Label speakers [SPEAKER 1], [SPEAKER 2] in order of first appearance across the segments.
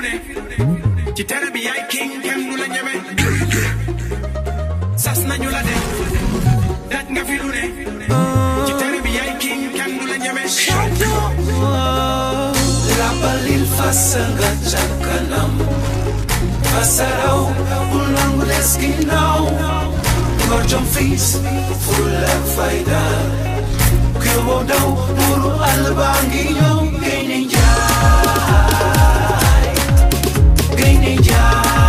[SPEAKER 1] ne ci tere bi yaay king kenn du la ñeme sas nañu la de daj nga fi lu bi yaay king kenn du la rabalil fasa nga ca kanam fasaraw bul nangu des ginnaaw ngor jom fiis fulla fayda kéwoo daw duru alba ngi yeah.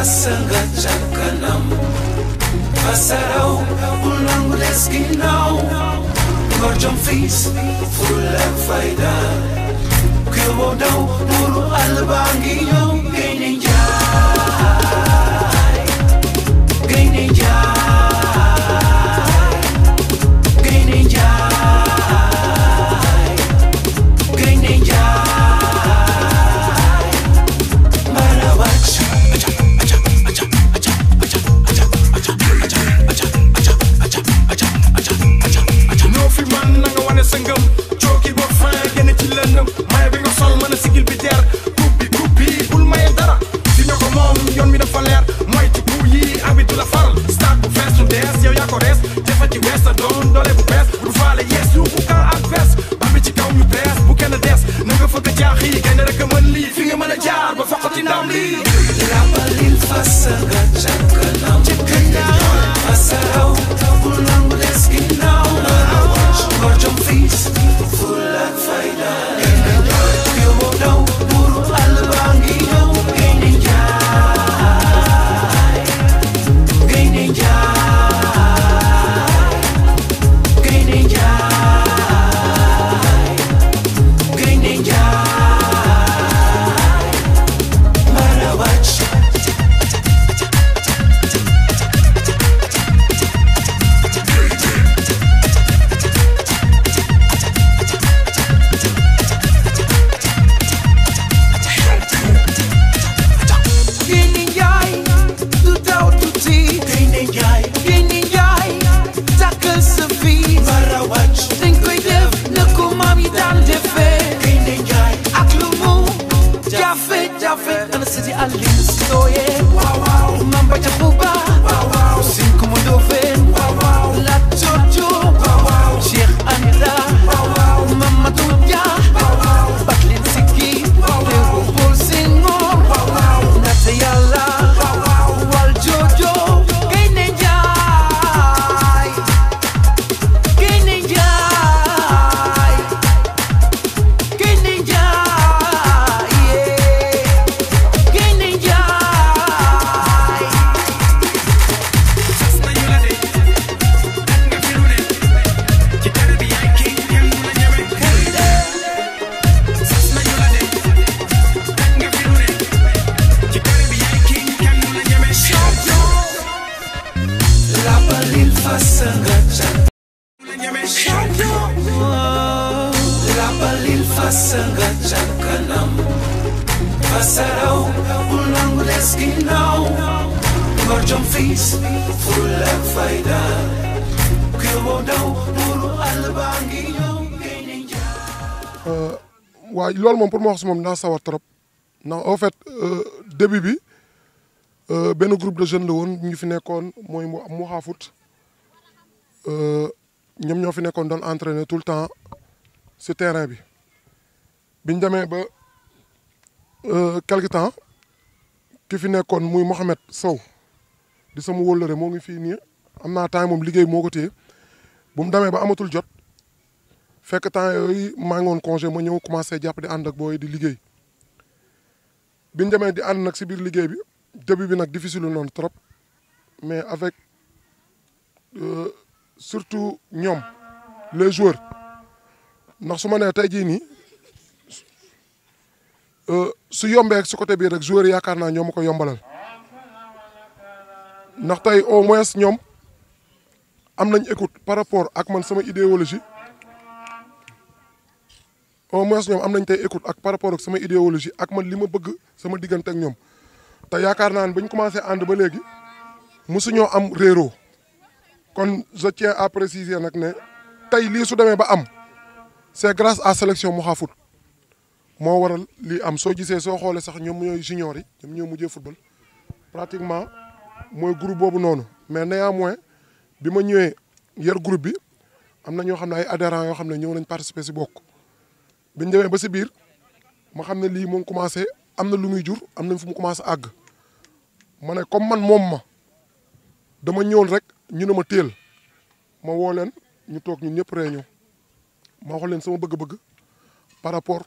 [SPEAKER 1] masanga chakanam vasarau ulangu leskinau gorjom fis fulla faida kyobodau nuru albangiyo gaininjai gaininjai asangatrankanam fasarao olnangolaskinao marjamfis fulafaida kewodao nuru albangiyo
[SPEAKER 2] waaw loolu moom pour ma wax si moom naa sawar trop ndax en fait début bi benn groupe de jeunes la woon ñu fi nekkoon mooy mu xaafut ñoom ñoo fi nekkoon doon entraîner tout le temps si terrain bi biñ demee ba euh, quelque temps ki fi nekkoon muy Mouhamed Sow di sama wóllëre moo ngi fii nii am naa temps moom liggéey moo ko téye bu mu demee ba amatul jot fekk temps yooyu maa ngi woon congé ma ñëw commencé jàpp di ànd ak booy di liggéey biñ demee di ànd nag si biir liggéey bi début bi nag difficile noonu trop mais avec euh, surtout ñoom les joueurs ndax su ma nee tey jii nii. Euh, su yombee su côté bii rek joueurs yaakaar naa ñoom ma ko yombalal ndax tey au moins ñoom am nañ écoute par rapport ak man sama idéologie au moins ñoom am nañ tey écoute ak par rapport ak sama idéologie ak man li ma bëgg sama diggante ak ñoom te yaakaar naa ne ba ñu commencé ànd ba léegi mosuñoo am réeroo kon je tiens à préciser nag ne tey lii su demee ba am c'est grâce à sélection Mokha Foot mo waral li am so gisé so xolé sax ñom ñoy junior yi ñom ñoy mujjé football pratiquement moy groupe bobu nonu mais néanmoins bi ma ñëwee yar groupe bi am na ñoo ay adhérents yo xam ñëw nañ participer ci bokk biñu déwé ba ci biir ma xam li mo commencé amna lu muy jur amna fu mu commencé ag mané comme man mom ma dama ñëwul rek ñu ne ma téel ma woo leen ñu tok ñun ñëpp réñu ma wax leen sama bëgg-bëgg par rapport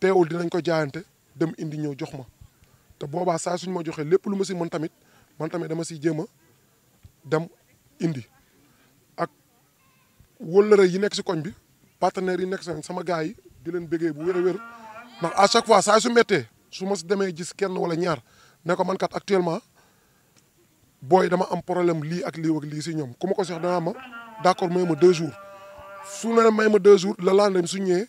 [SPEAKER 2] teewul dinañ ko jaayante dem indi ñëw jox ma te boobaa saa suñ ma joxee lépp lu ma si mën tamit man tamit dama si jéem dem indi ak wëllëre yi nekk si koñ bi partenaires yi nekk si sama gars yi di leen bëggee bu wér a wér ndax à chaque fois saa su méttee su ma si demee gis kenn wala ñaar nekko ko man kat actuellement booy dama am problème lii ak lii lii si ñoom ku ma ko sox danaa ma d'accord may ma deux jours su ne may ma deux jours le lendemain su ñëwee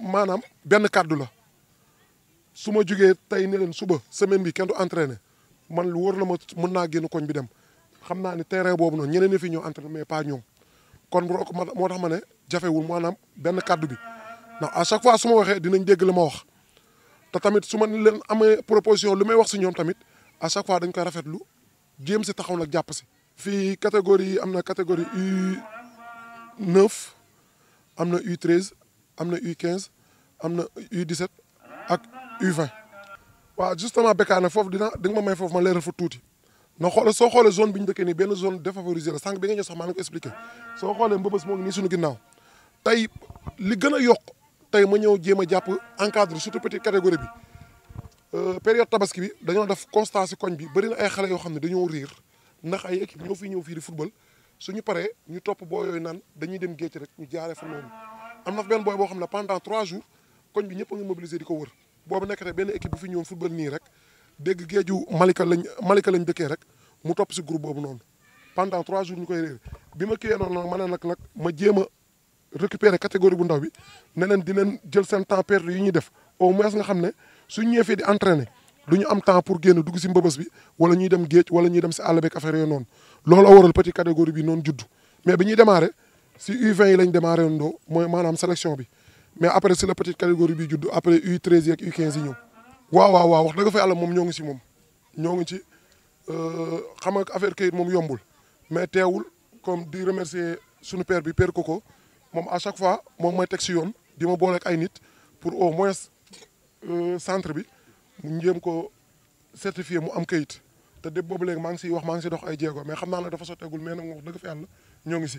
[SPEAKER 2] maanaam benn kàddu la su ma jugee tey ne leen suba semaine bi kenn du entraîné man lu wóor la ma mën naa génn koñ bi dem xam naa ne terrain boobu noonu ñeneen ñi fi ñoo entraîné mais pas ñoom kon moo tax ma ne jafewul maanaam benn kàddu bi ndax à chaque fois su ma waxee dinañ dégg la ma wax te tamit su ma leen amee proposition lu may wax si ñoom tamit à chaque fois dañ koy rafetlu jéem si taxaw nag jàpp si. fii catégorie am na catégorie U9 am na u am na U15 am na U17 ak U20. waaw justement Bécaye nag foofu dina di nga may foofu ma leeral fa tuuti na xoola soo xoolee zone bi ñu dëkkee nii benn zone défavorisée la sànq bi nga ñëw sax maa ngi ko expliqué soo xoolee mbëbës moo ngi nii suñu ginnaaw tey li gën a yokk tey ma ñëw jéem a jàpp encadre surtout petite catégorie bi euh, période tabaski bi dañoo def constat si koñ bi bëri na ay xale yoo xam ne dañoo riir ndax ay équipe ñoo fi ñëw fii di football suñu paree ñu topp boo yooyu naan dañuy dem géej rek ñu jaaree fa amna na boy bo xamna pendant 3 jours koñ bi ñepp a ngi mobilisé di ko wër boobu nekkate ben équipe bu fi ñëw football ni rek dégg géeju Malika lañ Malika lañ dëkké rek mu top ci groupe bobu non pendant 3 jours ñukoy koy bima bi non kiiyee mané nak nak ma jéma récupérer catégorie bu ndaw bi ne leen di leen jël sen temps perdu yi ñuy def au moins nga xamné su suñ fi di entraîner duñu am temps pour génn dugg ci mbëbës bi wala ñuy dem géej wala ñuy dem ci àll beeg affaire yooyu noonu loolu waral petit catégorie bi non judd mais biñuy démarrer si U20 yi lañ démarré woon mooy maanaam sélection bi mais après si la petite catégorie bi judd après U13 et U15 yi ñëw waaw waaw waaw wax dëgg fa yàlla moom ñoo ngi si moom ñoo ngi ci euh, xam nga affaire kayit moom yombul mais teewul comme di remercier sunu père bi père Coco moom à chaque fois moom mooy teg si yoon di ma booleeg ay nit pour au moins euh, centre bi mu ko certifié mu am kayit te de boobu léegi maa ngi siy wax maa ngi si dox ay jéego mais xam naa ne dafa sotteegul mais nag wax dëgg fa yàlla ñoo ngi si.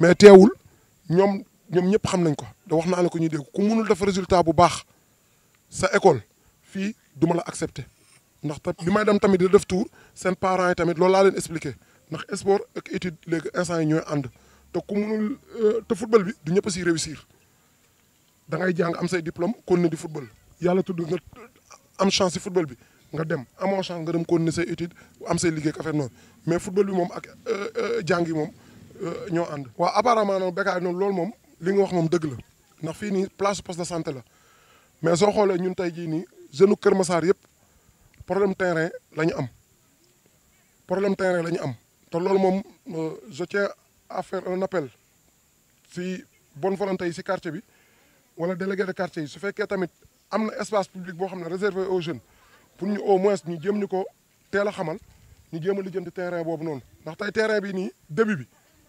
[SPEAKER 2] mais téwul ñom ñom ñëpp xam nañ ko da wax na la ko ñu dégg ku mënul def résultat bu baax sa école Fi duma la accepter ndax bi may dem tamit da def tour sen parents yi tamit loolu laa leen expliqué ndax sport ak étude léegi instant yi ñooy ànd te ku mënul euh, te football bi du ñëpp a réussir da ngay jàng am say diplôme kon di football yàlla tudd nga euh, am chance si football bi nga dem amoo chance nga dem kon ne say étude am say liggéey ak affaire noonu mais football bi moom ak euh, jàng yi moom euh, ñoo and wa apparemment noonu Bécaye noonu loolu moom li nga wax mom deug la ndax fii place poste de santé la mais so xolé ñun tay ji ni jeune Kër Massar problème terrain lañu am problème terrain lañu am te loolu mom euh, je tiens à faire un appel si bonne volonté ci quartier bi wala délégué de quartier su fekké tamit amna espace public bo xamné réservé aux jeunes pour ñu au moins ñu jëm ñu ko teel a xamal ñu jëm a terrain bobu non, ndax tay terrain bi ni début bi.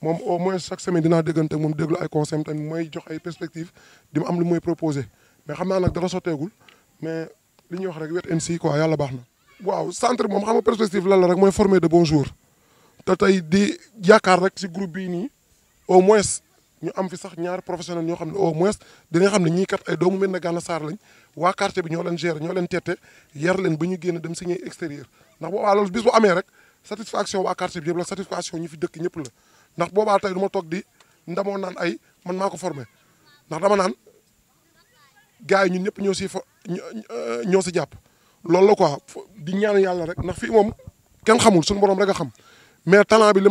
[SPEAKER 2] moom au moins chaque semaine dina déggante mom déglu ay conseils tamit mooy jox ay perspectives dima am lu mooy proposé mais xamna nak nag dara sotteegul mais li wax rek wet en quoi yalla baxna na. waaw centre mom xam nga perspective lan la rek moy former de bons joueurs te di yakar rek ci groupe bi ni au moins ñu am fi sax ñaar professionnel ñoo xam au moins dina xam ne ñii kat ay doomu mel na Gana Sarr lañ wa quartier bi ñoo leen gérer ñoo leen tété yar leen ba ñu génn dem signer extérieur ndax boobaa loolu bis bu amee rek satisfaction wa quartier bi yeb la satisfaction ñu fi dëkk ñëpp la ndax boobaa tay duma di ndamoo naan ay man maa ko ndax dama naan gars ñun ñëpp ñoo si ñoo si jàpp. loolu la quoi di ñaan yàlla rek ndax fii moom kenn xamul suñu borom rek xam mais talent bi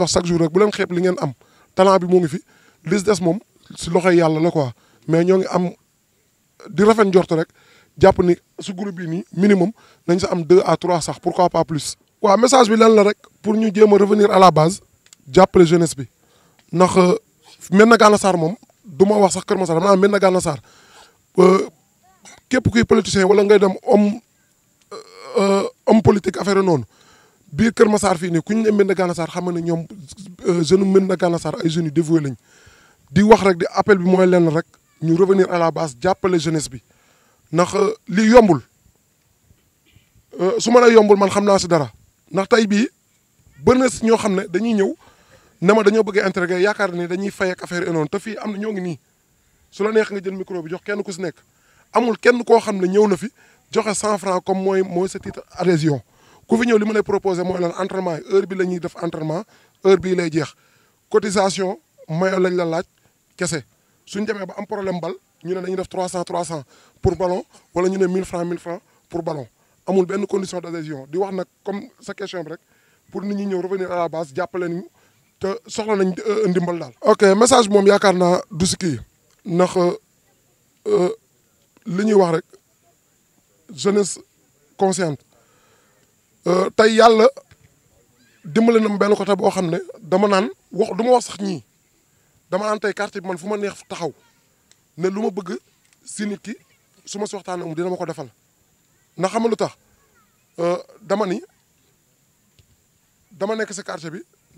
[SPEAKER 2] wax chaque jour rek bu li ngeen am talent bi moo ngi fi li des moom si loxoy yàlla la quoi mais ñoo ngi am di rafet njort rek jàpp ni su groupe bi minimum sa am à trois sax pourquoi pas plus. waaw message bi lan pour ñu jéem revenir à la base jàppale jeunesse bi ndax euh, melna na Gana sar moom du wax sax Kër Masar dama melna mel na Gana Sarr euh, képp kuy politicien wala ngay dem homme euh, homme politique affaire non biir Kër Masar fi ni ku ñu ne mel na Gana Sarr xam na ñom jeune melna Gana sar, ay jeunes dévoué lañ di wax rek di appel bi moy lenn rek ñu revenir à la base jàppale jeunesse bi ndax li yombul su ma la yombul man xam na ci dara ndax tay bi bëri na ñoo dañuy ñew nama ma dañoo bëgg a yaakaar ne dañuy fay ak affaire enoon te fii am na ñoo ngi nii su la neex nga jël micro bi jox kenn ku si nekk amul kenn koo xam ne ñëw na fi joxe 100 francs comme mooy mooy sa titre adhésion ku fi ñëw li ma lay proposé mooy lan entraînement yi heure bi la ñuy def entraînement heure bii lay jeex cotisation mayo lañ la laaj kese suñ demee ba am problème bal ñu ne dañuy def 300 300, pour ballon wala ñu ne 1000 francs, 1000 francs pour ballon amul benn condition d'adhésion di wax nag comme sa question rek pour nit ñi ñëw revenir à la base jàppale ñu te soxla nañ euh, ndimbal daal. ok message moom yaakaar naa du si kii ndax euh, euh, li ñuy wax rek jeunesse consciente tey yàlla dimbale na ma benn côté boo xam ne dama naan wax du ma wax sax ñii dama naan tey quartier bi man fu ma neex taxaw ne lu ma bëgg si nit ki su ma si waxtaanee dina ma ko defal na xam lu tax dama ni dama nekk si quartier bi.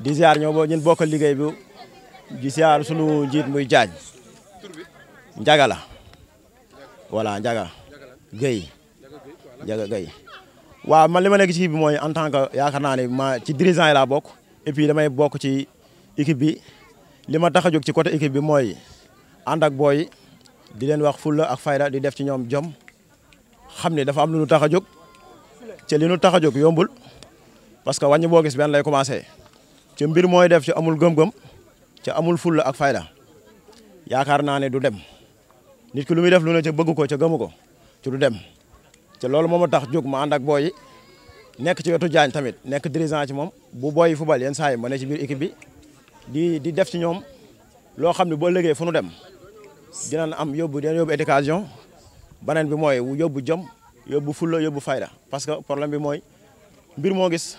[SPEAKER 3] di ziar ñoo bo ñun bokkal liggéey bi di ziar sunu njiit muy jaaj njaga la voilà njaga Guèye njaga Guèye waaw ma li ma nekk ci bi mooy en tant que yaakaar naa ne ma ci dirigeant yi la bokk et puis damay bokk ci équipe bi li ma tax a jóg ci côté équipe bi mooy ànd ak booy di leen wax fulla ak fayda di def ci ñoom jom xam ne dafa am lu ñu tax a jóg te li ñu tax a jóg yombul parce que wàññi boo gis benn lay commencé ci mbir moy def ci amul gëm-gëm ci amul ful ak fayda yaakar naane du dem nit ki lu muy def lu ne ci bëgg ko ci gëmu ko ci du dem ci loolu moma tax jog ma and ak boy nek ci wetu jaagne tamit nek dirigeant ci mom bu boy football yeen saay ma ne ci bir équipe bi di di def ci ñom loo xamni bo boo fu nu dem dina am yobbu dina yobbu éducation banen bi mooy yobbu jom yobbu fulo yobbu fayda parce que problème bi moy mbir mo gis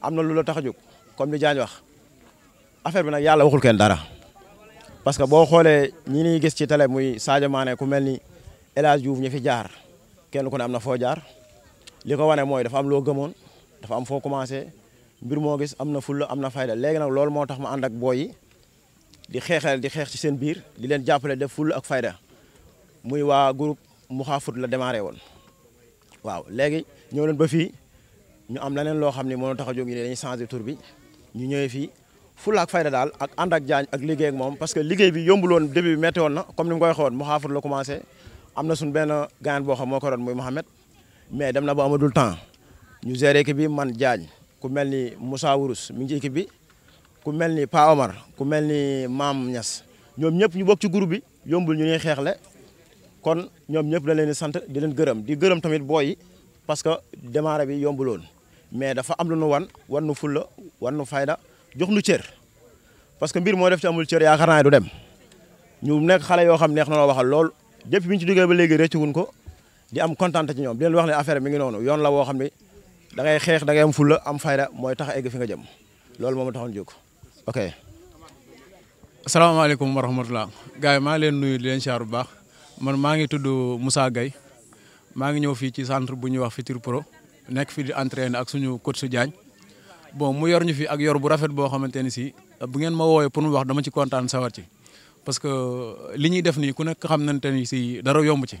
[SPEAKER 3] amna lu la taxajuk comme li Diagne wax affaire bi nag yàlla waxul kenn dara parce que boo xoolee ñi ñuy gis ci tele muy Sadio Mané ku mel ni El Hadj Diouf ñu fi jaar kenn ku ne am na foo jaar li ko wane mooy dafa am loo gëmoon dafa am foo commencé mbir moo gis am na fulla am na fayda léegi nag loolu moo tax mu ànd ak booy di xeexal di xeex ci seen biir di leen jàppale def fulla ak fayda muy waa groupe Moukhafut la démarré woon waaw léegi ñoo leen ba fii ñu am leneen loo xam ne moo tax a jóg ñu ne dañuy changer bi. ñu ñëwee fii fulla ak fayda daal ak ànd ak jaañ ak liggéey moom parce que liggéey bi yombuloon début bi métti woon na comme ni mu koy waxoon mu xaafut la commencé am na suñ benn gaañan boo xam moo ko doon muy Mohamed mais dem na ba amadul temps ñu gérer équipe bi man jaañ ku mel ni Moussa Wurus mi ngi bi ku mel ni Pa Omar ku mel ni Maam Niass ñoom ñëpp ñu bokk ci groupe bi yombul ñu ñuy xeexle kon ñoom ñëpp la leen sant di leen gërëm di gërëm tamit booy yi parce que démarré bi yombuloon mais dafa am lu nu wan wan nu fulla wan nu fayda jox nu cër parce que mbir mo def ci amul cër yaakaar naa du dem ñu nek xalé yo xam neex na lo waxal lool depuis biñ ci duggé ba réccu wun ko di am contente ci ñom di leen wax ne affaire mi ngi nonu yoon la wo xamni da ngay xex da ngay am fulla am fayda moy tax egg fi nga jëm lool moma taxon taxoon
[SPEAKER 4] ok. assalamualaikum warahmatullah gaay ma yi leen nuyu di leen siyaar bu baax man ma ngi tuddu Moussa Gueye ma ngi ñew fi ci centre bu ñu wax fitir Pro. nekk fi di entraîner ak suñu coach Diagne bon mu yor ñu fi ak yor bu rafet boo xamante ni si bu ngeen ma woowee pour mu wax dama ci kontaan sawar ci parce que li ñuy def nii ku nekk xam nañu ni si dara yomb ci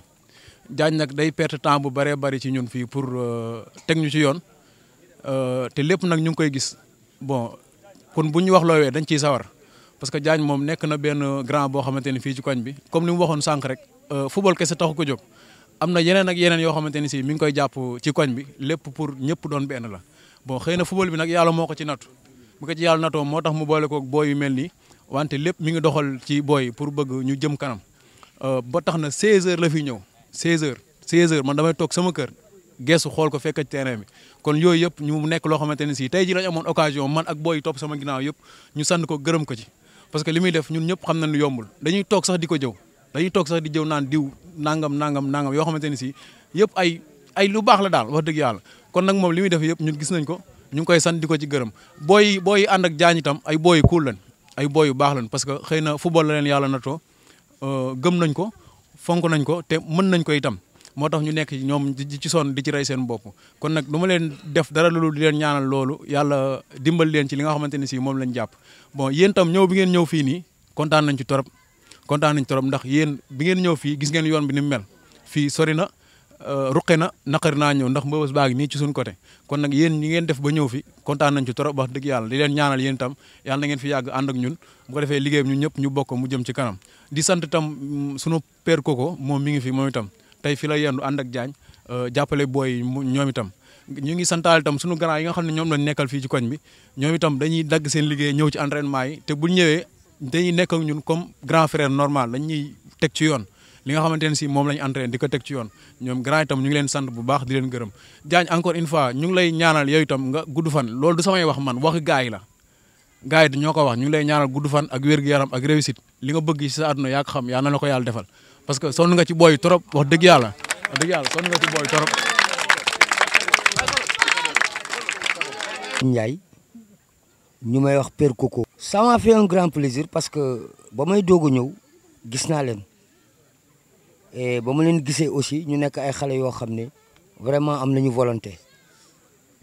[SPEAKER 4] Diagne nag day perte temps bu bëree bëri ci ñun fii pour euh, teg ñu ci yoon euh, te lépp nag ñu ngi koy gis bon kon bu ñu wax loowee dañ ciy sawar parce que jaañ moom nekk na benn grand boo xamante ni fii ci koñ bi comme ni mu waxoon sànq rek euh, football kese taxu ko jog am na yeneen ak yeneen yoo xamante ni si mi ngi koy jàpp ci koñ bi lépp pour ñëpp doon benn la bon xëy na football bi nag yàlla moo ko ci nat bu ko ci yàlla nattoo moo tax mu boole ko booy yu mel nii wante lépp mi ngi doxal ci booy pour bëgg ñu jëm kanam euh, ba tax na 16h la fi ñëw 16h 16h man damay toog sama kër geesu xool ko fekk ci terrain bi kon yooyu yëpp ñu nekk loo xamante ne si tey ji lañ amoon occasion man ak booy topp sama ginnaaw ñu sant ko gërëm ko ci parce que li muy def ñun ñëpp xam nañ lu yombul dañuy toog sax di ko jëw dañuy tok sax di jëw naan diw nangam nangam nangam yo xamanteni si yëpp ay ay lu bax la dal wax deug yalla kon nak mom limi def ñun gis nañ ko ñu koy sant di ci gërëm boy boy and ak jaañ tam ay boy boy cool lañ ay boy yu baax lañ parce que xeyna football la yalla nato euh gëm nañ ko fonk nañ ko te mën nañ ko itam motax ñu nekk ñom ci son di ci ray seen bop kon nak luma len def dara loolu di len ñaanal lolu yalla dimbal len ci li nga xamanteni si mom lañ japp bon yeen tam ñew bi ngeen ñew fi ni contane nañ ci torop kontaan nañ trop ndax yéen bi ngeen ñëw fii gis ngeen yoon bi ni mel fii sori na euh, ruqe na naqari naa ñëw ndax mbëbës baa ngi nii ci suñ côté kon nag yéen ñi ngeen def ba ñëw fi kontaan nañ ci trop wax dëgg yàlla di leen ñaanal yéen itam fi yàgg ànd ñun bu ko defee liggéeyam ñëpp ñu bokk mu jëm ci kanam di sant mm, sunu père Koko moom mi ngi fi moom itam tey fi la yendu ànd ak jaañ euh, jàppale booy ñoom itam ñu ngi santaal tam sunu grand yi nga xam ne ñoom lañ nekkal fii ci koñ bi ñoom itam dañuy dagg seen liggéey ñëw ci entraînement yi te bu ñëwee dañuy nekk ak ñun comme grand frère normal dañ ñuy teg ci yoon li nga xamante ne si moom la ñu entraîné di ko teg ci yoon ñoom grand itam ñu ngi leen sant bu baax di leen gërëm Diagne encore une fois ñu ngi ñaanal yow itam nga gudd fan loolu wax man waxi gars yi la gars yi dañoo ko wax ñu ngi lay ñaanal gudd fan ak wér-gu-yaram ak réussite li nga bëgg si sa xam yaa ko yàlla defal parce que sonn nga ci booy trop wax dëgg yàlla wax dëgg yàlla sonn nga ci booy trop
[SPEAKER 5] ñu may wax per koko ça m'a fait un grand plaisir parce que ba may doog a ñëw gis naa leen et ba ma leen gisee aussi ñu nekk ay xale yoo xam ne vraiment am nañu volonté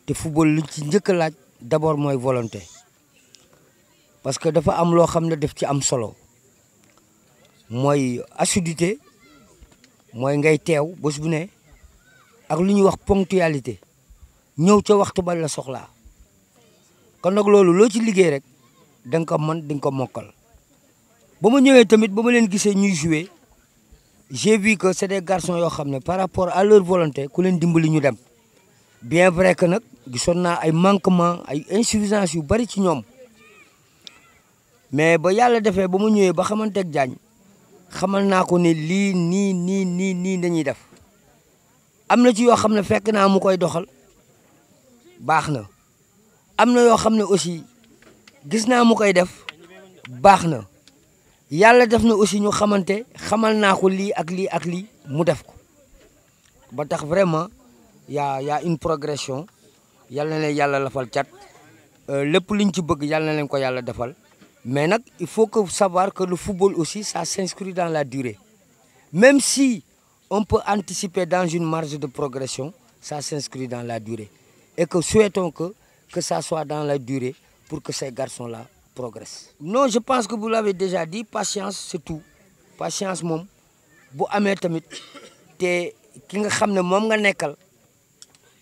[SPEAKER 5] te football liñ ci njëkk a d'abord mooy volonté parce que dafa am loo xam ne def ci am solo mooy assiduité mooy ngay teew bés bu ne ak lu ñuy wax ponctualité ñëw ca waxtu ba la soxlaa kon nag loolu loo ci liggéey rek da ko man di ko mokal ba ñëwé tamit ba leen gisee ñuy jouer j'ai vu que c'est des garçons yo xamné par rapport à leur volonté ku leen dimbali ñu dem bien vrai que nak gisoon naa ay manquement ay insuffisance yu bari ci ñom mais ba yalla défé ba ñëwé ba xamanté ak Diagne xamal n'a ko ni ni ni ni ni ni dañuy def amna ci yo xamné ne fekk na mu koy doxal baxna amna yo xamné ne aussi gis naa mu koy def baxna yalla def na aussi ñu xamanté xamal naa ko li ak li ak li mu def ko ba tax vraiment ya une progression yàlla na la fal chat euh lepp liñ ci bëgg yalla na leen ko yalla defal mais nak il faut que savoir que le football aussi ça s'inscrit dans la durée même si on peut anticiper dans une marge de progression ça s'inscrit dans la durée et que souhaitons que que ça soit dans la durée pour que ces garçons-là progressent. Non, je pense que vous l'avez déjà dit, patience, c'est tout. Patience, mon. bu amé tamit té ki nga xamné mom nga nekkal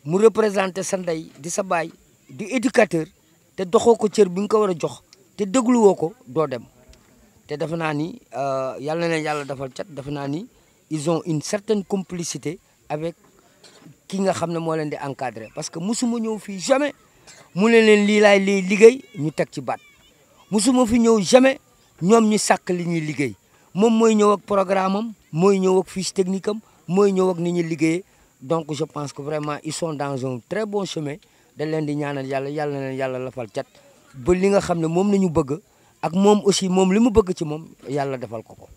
[SPEAKER 5] mu représenter sa di sa baay di éducateur té doxo ko cër bi nga ko wara jox té déglu woko do dem té dafa na ni euh yalla na yalla dafal na ni ils ont une certaine complicité avec ki nga xamné mo leen di encadrer parce que musuma ñew fi jamais mu ne li lii laay lay ñu tek ci bat musuma fi ñew jamais ñom ñu sak li ñuy liggéey mom moy ñew ak programme moy ñew ak fiche technique moy ñew ak ni ñi liggéeyee donc je pense que vraiment ils sont dans un très bon chemin dañ leen di ñaanal yalla yalla na yalla la fal cat ba li nga xamne mom moom bëgg ak mom aussi mom limu bëgg ci mom yalla defal ko ko.